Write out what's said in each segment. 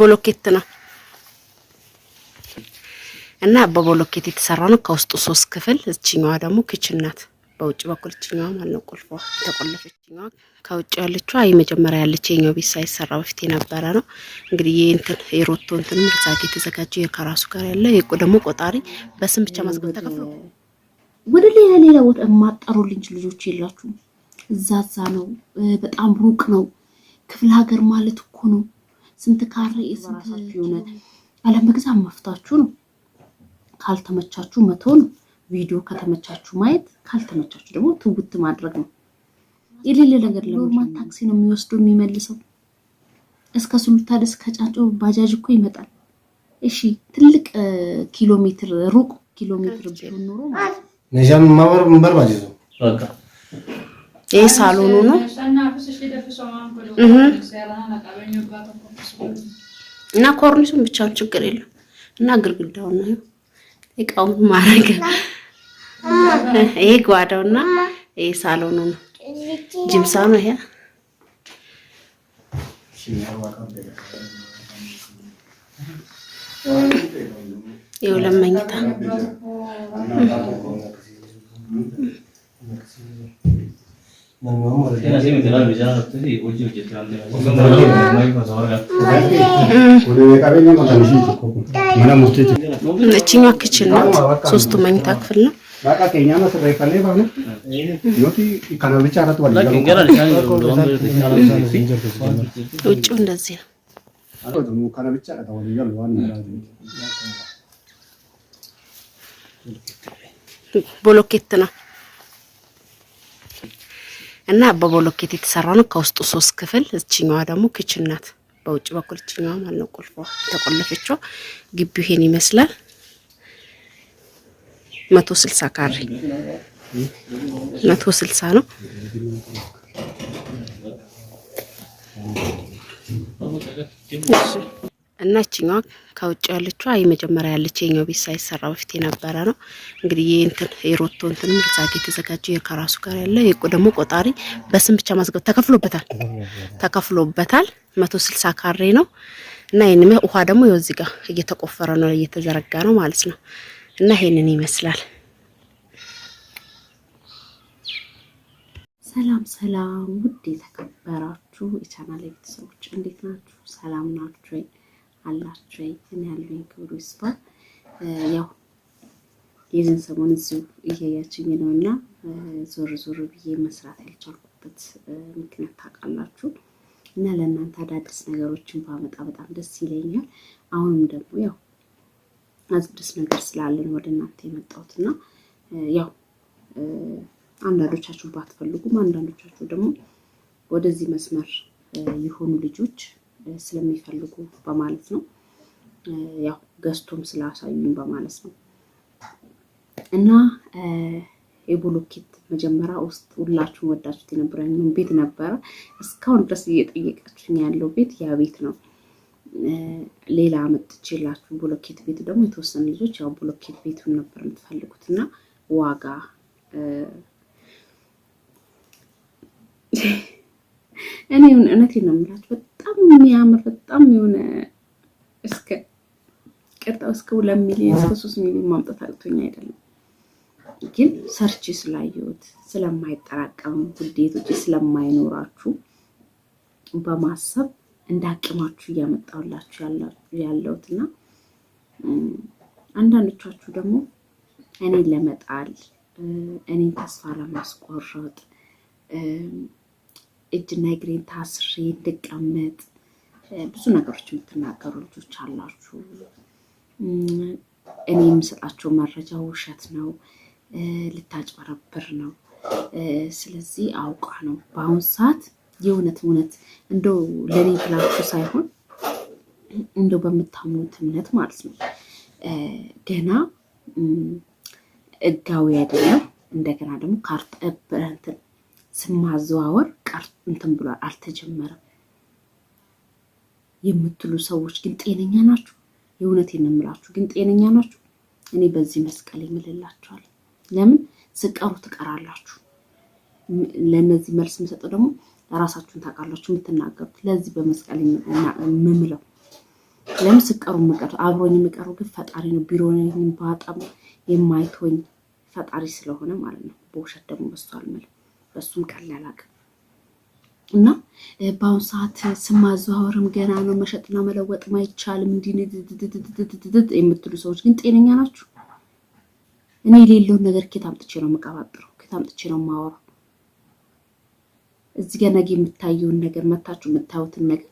ቦሎኬት ነው እና በቦሎኬት የተሰራ ነው። ከውስጡ ሶስት ክፍል፣ እችኛዋ ደግሞ ክችን ናት። በውጭ በኩል እችኛዋ ማነው ቁልፎ ቁልፏ ከውጭ ያለችው አይ መጀመሪያ ያለች የኛው ቤት ሳይሰራ በፊት የነበረ ነው። እንግዲህ የእንትን የሮቶ እንትን ዛጌ የተዘጋጀው ከራሱ ጋር ያለ ደግሞ ቆጣሪ በስም ብቻ ማስገብ ተከፍሎ ወደ ሌላ ሌላ ቦታ የማጠሩልኝ ልጆች የላችሁም። እዛዛ ነው፣ በጣም ሩቅ ነው። ክፍለ ሀገር ማለት እኮ ነው ስንት ካሬ ስንት የሆነ አለመግዛት መፍታችሁ ነው። ካልተመቻችሁ መቶ ነው። ቪዲዮ ከተመቻችሁ ማየት፣ ካልተመቻችሁ ደግሞ ትውት ማድረግ ነው። የሌለ ነገር ለማን ታክሲ ነው የሚወስደው የሚመልሰው? እስከ ሱሉልታ ድረስ ከጫንጮ ባጃጅ እኮ ይመጣል። እሺ ትልቅ ኪሎ ሜትር ሩቅ ኪሎ ሜትር ቢሆን ኖሮ ማበር ማለት ነው። ይሄ ሳሎኑ ነው። እና ኮርኒሱን ብቻውን ችግር የለም እና ግርግዳው ነው እቃውን ማረገ ይሄ ጓዳውና ይሄ ሳሎኑ ነው። ጅምሳ ነው ይሄ የሁለት መኝታ እችኛ ክችል ናት። ሶስቱ መኝታ ክፍል ነው። ውጭው እንደዚህ ነው። ቦሎኬት ነው። እና በቦሎኬት የተሰራ ነው። ከውስጡ ሶስት ክፍል፣ እችኛዋ ደግሞ ክችን ናት። በውጭ በኩል እችኛዋ ማለት ነው ቁልፏ ተቆለፈችው። ግቢው ይሄን ይመስላል። መቶ ስልሳ ካሬ መቶ ስልሳ ነው። እና እችኛዋ ከውጭ ያለችው አይ መጀመሪያ ያለች የኛው ቤት ሳይሰራ በፊት የነበረ ነው። እንግዲህ የእንትን የሮቶ እንትን ምርዛት የተዘጋጀው ከራሱ ጋር ያለ የቁ ደግሞ ቆጣሪ በስም ብቻ ማስገብ ተከፍሎበታል ተከፍሎበታል። መቶ ስልሳ ካሬ ነው እና ይህን ውሃ ደግሞ የወዚህ ጋር እየተቆፈረ ነው እየተዘረጋ ነው ማለት ነው። እና ይሄንን ይመስላል። ሰላም ሰላም፣ ውድ የተከበራችሁ የቻናል ቤተሰቦች እንዴት ናችሁ? ሰላም ናችሁ? አላችሁ እኔ ያለኝ ክብሩ ይስፋ። ያው የዚህን ሰሞን እዚሁ እያያችኝ ነው እና ዞር ዞር ብዬ መስራት ያልቻልኩበት ምክንያት ታውቃላችሁ። እና ለእናንተ አዳዲስ ነገሮችን ባመጣ በጣም ደስ ይለኛል። አሁንም ደግሞ ያው አዲስ ነገር ስላለን ወደ እናንተ የመጣሁት እና ያው አንዳንዶቻችሁ ባትፈልጉም አንዳንዶቻችሁ ደግሞ ወደዚህ መስመር የሆኑ ልጆች ስለሚፈልጉ በማለት ነው። ያው ገዝቶም ስላሳዩን በማለት ነው። እና የብሎኬት መጀመሪያ ውስጥ ሁላችሁም ወዳችሁት የነበረኝን ቤት ነበረ። እስካሁን ድረስ እየጠየቃችሁኝ ያለው ቤት ያ ቤት ነው። ሌላ አመጥቼላችሁ ብሎኬት ቤት ደግሞ የተወሰኑ ልጆች ያው ብሎኬት ቤቱን ነበር የምትፈልጉት እና ዋጋ እኔ እውነቴን ነው የምላችሁ የሚያምር በጣም የሆነ እስከ ቀጣው እስከ ሁለት ሚሊዮን እስከ ሶስት ሚሊዮን ማምጣት አቅቶኝ አይደለም፣ ግን ሰርች ስላየሁት ስለማይጠራቀም ውዴቶች ስለማይኖራችሁ በማሰብ እንዳቅማችሁ እያመጣሁላችሁ ያለሁት እና አንዳንዶቻችሁ ደግሞ እኔን ለመጣል እኔን ተስፋ ለማስቆረጥ እጅና እግሬን ታስሬ እንድቀመጥ ብዙ ነገሮች የምትናገሩ ልጆች አላችሁ። እኔ የምሰጣቸው መረጃ ውሸት ነው፣ ልታጭበረብር ነው። ስለዚህ አውቃ ነው በአሁኑ ሰዓት የእውነት እውነት እንደው ለእኔ ብላችሁ ሳይሆን እንደው በምታምኑት እምነት ማለት ነው። ገና እጋዊ አይደለም። እንደገና ደግሞ ካርታ ስማዘዋወር ቀር እንትን ብሏል፣ አልተጀመረም። የምትሉ ሰዎች ግን ጤነኛ ናችሁ? የእውነቴን ነው የምላችሁ፣ ግን ጤነኛ ናችሁ? እኔ በዚህ መስቀል የምልላችኋለሁ። ለምን ስቀሩ ትቀራላችሁ። ለእነዚህ መልስ የምሰጠው ደግሞ ራሳችሁን ታውቃላችሁ የምትናገሩት። ለዚህ በመስቀል የምምለው ለምን ስቀሩ የምቀሩ አብሮኝ የምቀሩ ግን ፈጣሪ ነው። ቢሮ በጣም የማይቶኝ ፈጣሪ ስለሆነ ማለት ነው። በውሸት ደግሞ በሱ አልምልም። በሱም ቀላል አቅም እና በአሁኑ ሰዓት ስማዘዋወርም ማዘዋወርም ገና ነው፣ መሸጥና መለወጥም አይቻልም እንዲህ የምትሉ ሰዎች ግን ጤነኛ ናችሁ? እኔ የሌለውን ነገር ኬት አምጥቼ ነው የምቀባጥረው? ኬት አምጥቼ ነው የማወራው? እዚህ ጋር ነገ የምታየውን ነገር መታችሁ የምታዩትን ነገር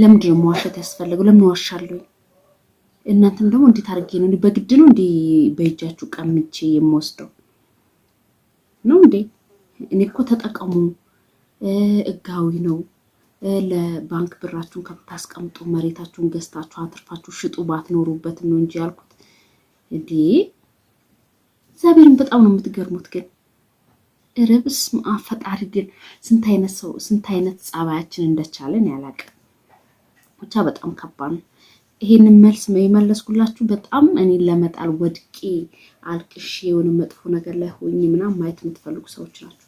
ለምንድን ነው መዋሸት ያስፈለገው? ለምን ዋሻለሁ? እናንተም ደግሞ እንዴት አድርጌ ነው በግድ ነው እንዴ በእጃችሁ ቀምቼ የምወስደው ነው እንዴ? እኔ እኮ ተጠቀሙ ህጋዊ ነው። ለባንክ ብራችሁን ከምታስቀምጡ መሬታችሁን ገዝታችሁ አትርፋችሁ ሽጡ ባትኖሩበትም ነው እንጂ ያልኩት። እንዴ እግዚአብሔርን በጣም ነው የምትገርሙት። ግን ርብስ ፈጣሪ ግን ስንት አይነት ሰው ስንት አይነት ጸባያችን እንደቻለን ያላቀ ብቻ በጣም ከባድ ነው። ይሄንን መልስ የመለስኩላችሁ በጣም እኔን ለመጣል ወድቄ አልቅሼ የሆነ መጥፎ ነገር ላይ ሆኜ ምናምን ማየት የምትፈልጉ ሰዎች ናቸው።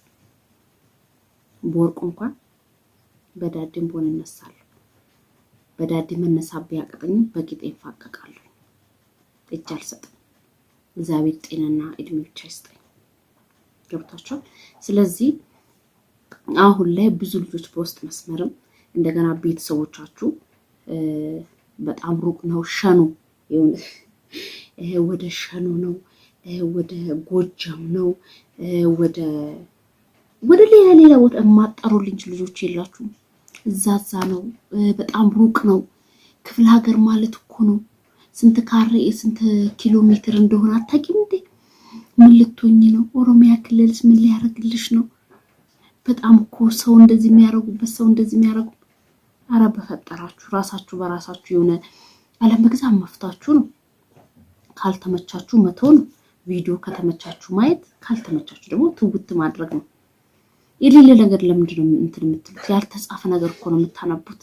በወርቁ እንኳን በዳድም ቦን እነሳለሁ። በዳድ መነሳት ቢያቅተኝም በቂጤ እፋቀቃለሁ። እጅ አልሰጥም። እግዚአብሔር ጤናና እድሜ ብቻ ይስጠኝ። ገብቷቸዋል። ስለዚህ አሁን ላይ ብዙ ልጆች በውስጥ መስመርም እንደገና ቤተሰቦቻችሁ በጣም ሩቅ ነው ሸኖ ወደ ሸኖ ነው ወደ ጎጃም ነው ወደ ወደ ሌላ ሌላ ቦታ የማጣሩልኝ ልጆች የላችሁ እዛዛ ነው፣ በጣም ሩቅ ነው። ክፍለ ሀገር ማለት እኮ ነው። ስንት ካሬ ስንት ኪሎ ሜትር እንደሆነ አታውቂም እንዴ? ምን ልትሆኝ ነው? ኦሮሚያ ክልልስ ምን ሊያደርግልሽ ነው? በጣም እኮ ሰው እንደዚህ የሚያደርጉበት ሰው እንደዚህ የሚያደርጉ አረ በፈጠራችሁ ራሳችሁ በራሳችሁ የሆነ አለም አለመግዛት መፍታችሁ ነው። ካልተመቻችሁ መተው ነው። ቪዲዮ ከተመቻችሁ ማየት፣ ካልተመቻችሁ ደግሞ ትውት ማድረግ ነው። የሌለ ነገር ለምንድነው ነው እንትን የምትሉት? ያልተጻፈ ነገር እኮ ነው የምታነቡት።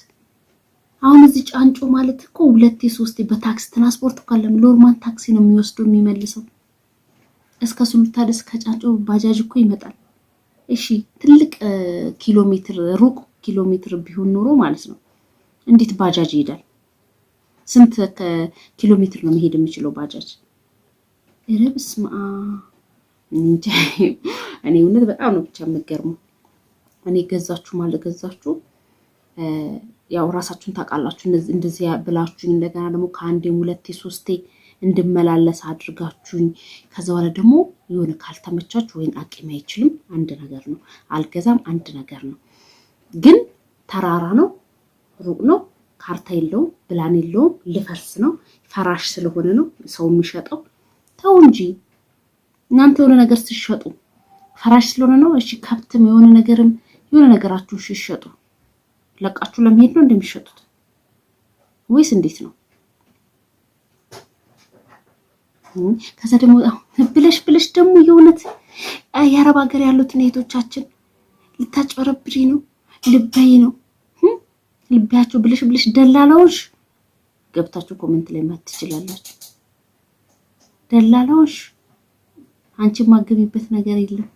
አሁን እዚህ ጫንጮ ማለት እኮ ሁለቴ ሶስቴ በታክሲ ትራንስፖርት እኮ አለም ሎርማን ታክሲ ነው የሚወስደው የሚመልሰው። እስከ ሱሉልታ ድረስ ከጫንጮ ባጃጅ እኮ ይመጣል። እሺ ትልቅ ኪሎ ሜትር ሩቅ ኪሎ ሜትር ቢሆን ኖሮ ማለት ነው እንዴት ባጃጅ ይሄዳል? ስንት ኪሎ ሜትር ነው መሄድ የሚችለው ባጃጅ? ረብስ ማ እኔ እውነት በጣም ነው ብቻ የምገርመው። እኔ ገዛችሁም አልገዛችሁ ያው ራሳችሁን ታውቃላችሁ። እንደዚህ ብላችሁኝ እንደገና ደግሞ ከአንዴም ሁለቴ ሶስቴ እንድመላለስ አድርጋችሁኝ ከዛ በኋላ ደግሞ የሆነ ካልተመቻችሁ ወይም አቅሜ አይችልም አንድ ነገር ነው፣ አልገዛም አንድ ነገር ነው። ግን ተራራ ነው፣ ሩቅ ነው፣ ካርታ የለውም፣ ብላን የለውም፣ ልፈርስ ነው፣ ፈራሽ ስለሆነ ነው ሰው የሚሸጠው። ተው እንጂ እናንተ የሆነ ነገር ስትሸጡ ፈራሽ ስለሆነ ነው። እሺ ከብትም የሆነ ነገርም የሆነ ነገራችሁ ሲሸጡ ለቃችሁ ለመሄድ ነው እንደሚሸጡት ወይስ እንዴት ነው? ከዛ ደግሞ ብለሽ ብለሽ ደግሞ የእውነት የአረብ ሀገር ያሉትን እህቶቻችን ልታጨረብሪ ነው ልበይ ነው ልቢያቸው ብለሽ ብለሽ ደላላዎች ገብታችሁ ኮሜንት ላይ ማየት ትችላላችሁ። ደላላዎች አንቺ ማገቢበት ነገር የለም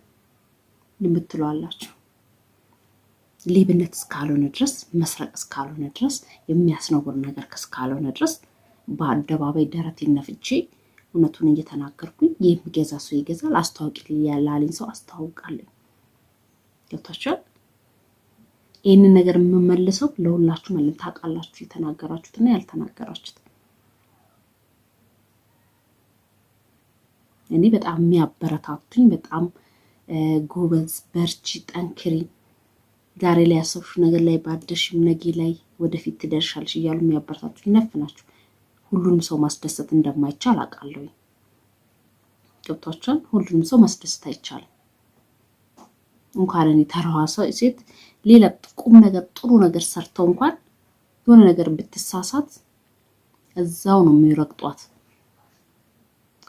ልምትለዋላችሁ። ሌብነት እስካልሆነ ድረስ መስረቅ እስካልሆነ ድረስ የሚያስነውር ነገር እስካልሆነ ድረስ በአደባባይ ደረት ነፍቼ እውነቱን እየተናገርኩኝ የሚገዛ ሰው ይገዛል፣ አስታዋቂ ያላለኝ ሰው አስተዋውቃለኝ። ገብታችኋል? ይህንን ነገር የምመልሰው ለሁላችሁ መለም ታውቃላችሁ፣ የተናገራችሁትና ያልተናገራችሁት። እኔ በጣም የሚያበረታቱኝ በጣም ጎበዝ፣ በርቺ፣ ጠንክሪ ዛሬ ላይ ያሰብሹ ነገር ላይ በአደርሽም ነጌ ላይ ወደፊት ትደርሻለሽ እያሉ የሚያበረታችሁ ናቸው። ሁሉንም ሰው ማስደሰት እንደማይቻል አውቃለሁ። ገብቷችኋል? ሁሉንም ሰው ማስደሰት አይቻልም። እንኳን እኔ ሰው ሴት ሌላ ቁም ነገር ጥሩ ነገር ሰርተው እንኳን የሆነ ነገር ብትሳሳት እዛው ነው የሚረግጧት።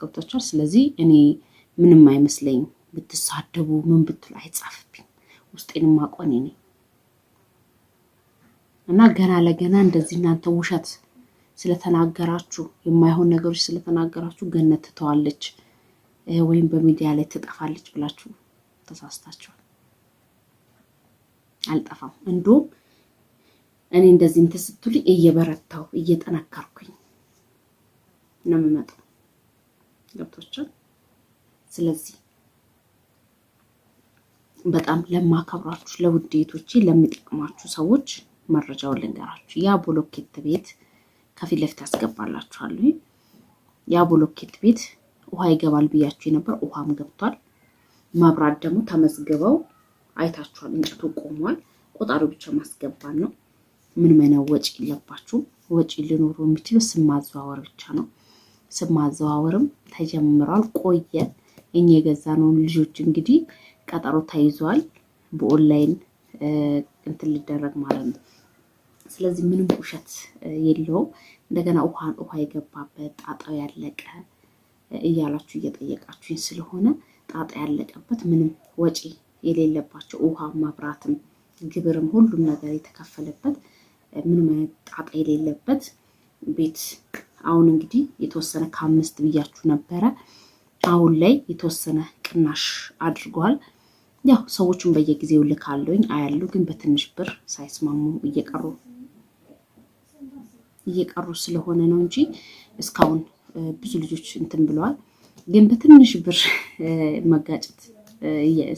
ገብቷችኋል? ስለዚህ እኔ ምንም አይመስለኝም ብትሳደቡ ምን ብትሉ አይጻፍብኝ ውስጤንም አቆኔ ነኝ። እና ገና ለገና እንደዚህ እናንተ ውሸት ስለተናገራችሁ የማይሆን ነገሮች ስለተናገራችሁ ገነት ትተዋለች ወይም በሚዲያ ላይ ትጠፋለች ብላችሁ ተሳስታችኋል። አልጠፋም። እንዲሁም እኔ እንደዚህ እንትን እየበረታው እየበረታሁ እየጠነከርኩኝ ነው የምመጣው። ገብቶችን። ስለዚህ በጣም ለማከብራችሁ ለውዴቶቼ ለሚጠቅማችሁ ሰዎች መረጃውን ልንገራችሁ። ያ ብሎኬት ቤት ከፊት ለፊት ያስገባላችኋለሁ። ያ ብሎኬት ቤት ውሃ ይገባል ብያችሁ የነበር ውሃም ገብቷል። መብራት ደግሞ ተመዝግበው አይታችኋል። እንጨቱ ቆሟል። ቆጣሪ ብቻ ማስገባን ነው። ምንም አይነት ወጪ የለባችሁም። ወጪ ሊኖሩ የሚችሉ ስም ማዘዋወር ብቻ ነው። ስም ማዘዋወርም ተጀምሯል፣ ቆየ እኛ የገዛ ልጆች እንግዲህ ቀጠሮ ተይዟል። በኦንላይን እንትን ሊደረግ ማለት ነው። ስለዚህ ምንም ውሸት የለውም። እንደገና ውሃን ውሃ የገባበት ጣጣው ያለቀ እያላችሁ እየጠየቃችሁኝ ስለሆነ ጣጣ ያለቀበት ምንም ወጪ የሌለባቸው ውሃ፣ መብራትም፣ ግብርም ሁሉም ነገር የተከፈለበት ምንም አይነት ጣጣ የሌለበት ቤት አሁን እንግዲህ የተወሰነ ከአምስት ብያችሁ ነበረ። አሁን ላይ የተወሰነ ቅናሽ አድርጓል። ያው ሰዎቹን በየጊዜው ልካለኝ አያሉ ግን በትንሽ ብር ሳይስማሙ እየቀሩ እየቀሩ ስለሆነ ነው እንጂ እስካሁን ብዙ ልጆች እንትን ብለዋል። ግን በትንሽ ብር መጋጨት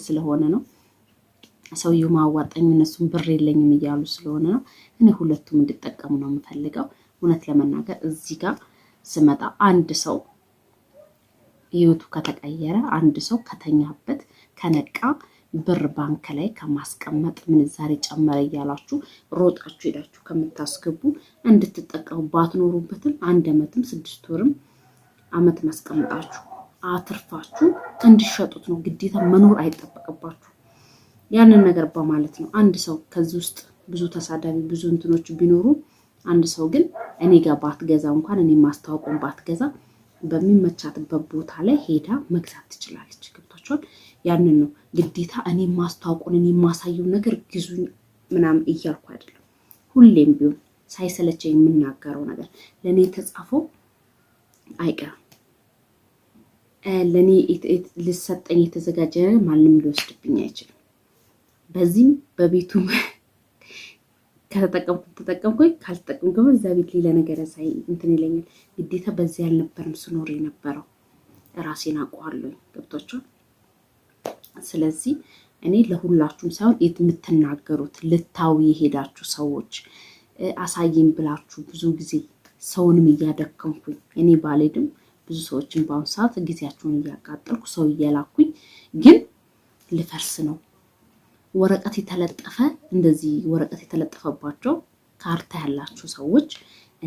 ስለሆነ ነው ሰውየው ማዋጣኝ እነሱም ብር የለኝም እያሉ ስለሆነ ነው። እኔ ሁለቱም እንድጠቀሙ ነው የምፈልገው። እውነት ለመናገር እዚህ ጋር ስመጣ አንድ ሰው ህይወቱ ከተቀየረ አንድ ሰው ከተኛበት ከነቃ ብር ባንክ ላይ ከማስቀመጥ ምንዛሬ ጨመረ እያላችሁ ሮጣችሁ ሄዳችሁ ከምታስገቡ እንድትጠቀሙ ባትኖሩበትም አንድ ዓመትም ስድስት ወርም ዓመት ማስቀምጣችሁ አትርፋችሁ እንዲሸጡት ነው። ግዴታ መኖር አይጠበቅባችሁ ያንን ነገር በማለት ነው። አንድ ሰው ከዚህ ውስጥ ብዙ ተሳዳቢ ብዙ እንትኖች ቢኖሩ አንድ ሰው ግን እኔ ጋር ባትገዛ እንኳን እኔ ማስታወቁን ባትገዛ በሚመቻትበት ቦታ ላይ ሄዳ መግዛት ትችላለች። ያላችሁን ያንን ነው ግዴታ እኔ ማስተዋወቁን እኔ የማሳየው ነገር ግዙኝ ምናምን እያልኩ አይደለም። ሁሌም ቢሆን ሳይሰለቸ የምናገረው ነገር ለእኔ የተጻፈው አይቀርም። ለእኔ ልሰጠኝ የተዘጋጀ ማንም ሊወስድብኝ አይችልም። በዚህም በቤቱ ከተጠቀምኩ ተጠቀምኩ ካልተጠቀምኩ ግን እዛ ቤት ሌላ ነገር ያሳይ እንትን ይለኛል። ግዴታ በዚህ አልነበርም ስኖር የነበረው ራሴን አውቀዋለሁ። ገብቷችኋል? ስለዚህ እኔ ለሁላችሁም ሳይሆን የምትናገሩት ልታዊ የሄዳችሁ ሰዎች አሳየኝ ብላችሁ ብዙ ጊዜ ሰውንም እያደከምኩኝ እኔ ባልሄድም ብዙ ሰዎችን በአሁኑ ሰዓት ጊዜያቸውን እያቃጠልኩ ሰው እየላኩኝ ግን ልፈርስ ነው። ወረቀት የተለጠፈ እንደዚህ ወረቀት የተለጠፈባቸው ካርታ ያላችሁ ሰዎች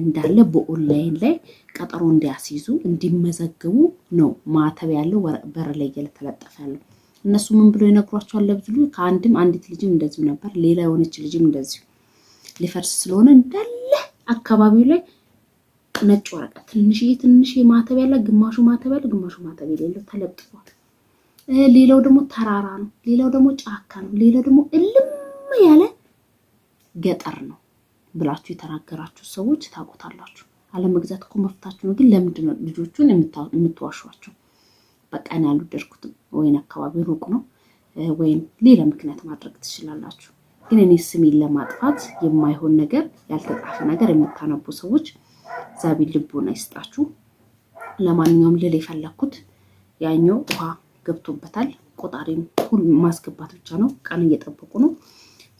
እንዳለ በኦንላይን ላይ ቀጠሮ እንዲያስይዙ እንዲመዘግቡ ነው ማተብ ያለው በር ላይ እየተለጠፈ ያለው። እነሱ ምን ብሎ ይነግሯቸዋል? ለብትሉ ከአንድም አንዲት ልጅም እንደዚሁ ነበር፣ ሌላ የሆነች ልጅም እንደዚሁ ሊፈርስ ስለሆነ እንዳለ አካባቢው ላይ ነጭ ወረቀት ትንሽዬ ትንሽዬ ማተብ ያለ ግማሹ ማተብ ያለ ግማሹ ማተብ የሌለው ተለጥፏል። ሌላው ደግሞ ተራራ ነው፣ ሌላው ደግሞ ጫካ ነው፣ ሌላው ደግሞ እልም ያለ ገጠር ነው ብላችሁ የተናገራችሁ ሰዎች ታውቁታላችሁ። አለመግዛት እኮ መፍታችሁ ነው። ግን ለምንድን ነው ልጆቹን የምትዋሿቸው? ቀን ያልወደድኩትም ወይን አካባቢ ሩቅ ነው ወይም ሌላ ምክንያት ማድረግ ትችላላችሁ። ግን እኔ ስሜን ለማጥፋት የማይሆን ነገር ያልተጻፈ ነገር የምታነቡ ሰዎች ዛቢ ልቦና ይስጣችሁ። ለማንኛውም ልል የፈለግኩት ያኛው ውሃ ገብቶበታል። ቆጣሪም ሁሉ ማስገባት ብቻ ነው። ቀን እየጠበቁ ነው።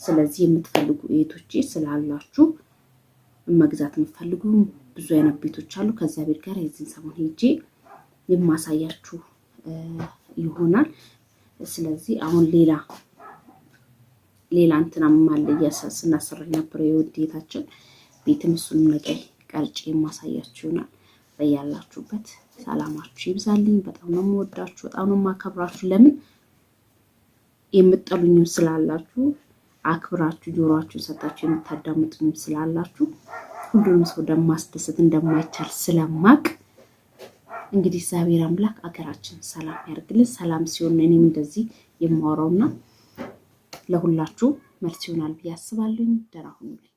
ስለዚህ የምትፈልጉ ቤቶች ስላላችሁ መግዛት የምትፈልጉ ብዙ አይነት ቤቶች አሉ። ከእግዚአብሔር ጋር የዚህን ሰሞን ሄጄ የማሳያችሁ ይሆናል። ስለዚህ አሁን ሌላ ሌላ እንትና ማለያ ስናሰራ ነበር የውዴታችን ቤትም እሱንም ነገ ቀርጬ የማሳያችሁ ይሆናል። በያላችሁበት ሰላማችሁ ይብዛልኝ። በጣም ነው የምወዳችሁ፣ በጣም ነው የማከብራችሁ። ለምን የምጠሉኝም ስላላችሁ አክብራችሁ ጆሮአችሁ ሰጣችሁ የምታዳምጡኝም ስላላችሁ ሁሉንም ሰው እንደማስደሰት እንደማይቻል ስለማቅ እንግዲህ እግዚአብሔር አምላክ አገራችን ሰላም ያርግልን። ሰላም ሲሆን እኔም እንደዚህ የማወራውና ለሁላችሁ መልስ ይሆናል ብዬ አስባለሁ። ደህና ሁኑልኝ።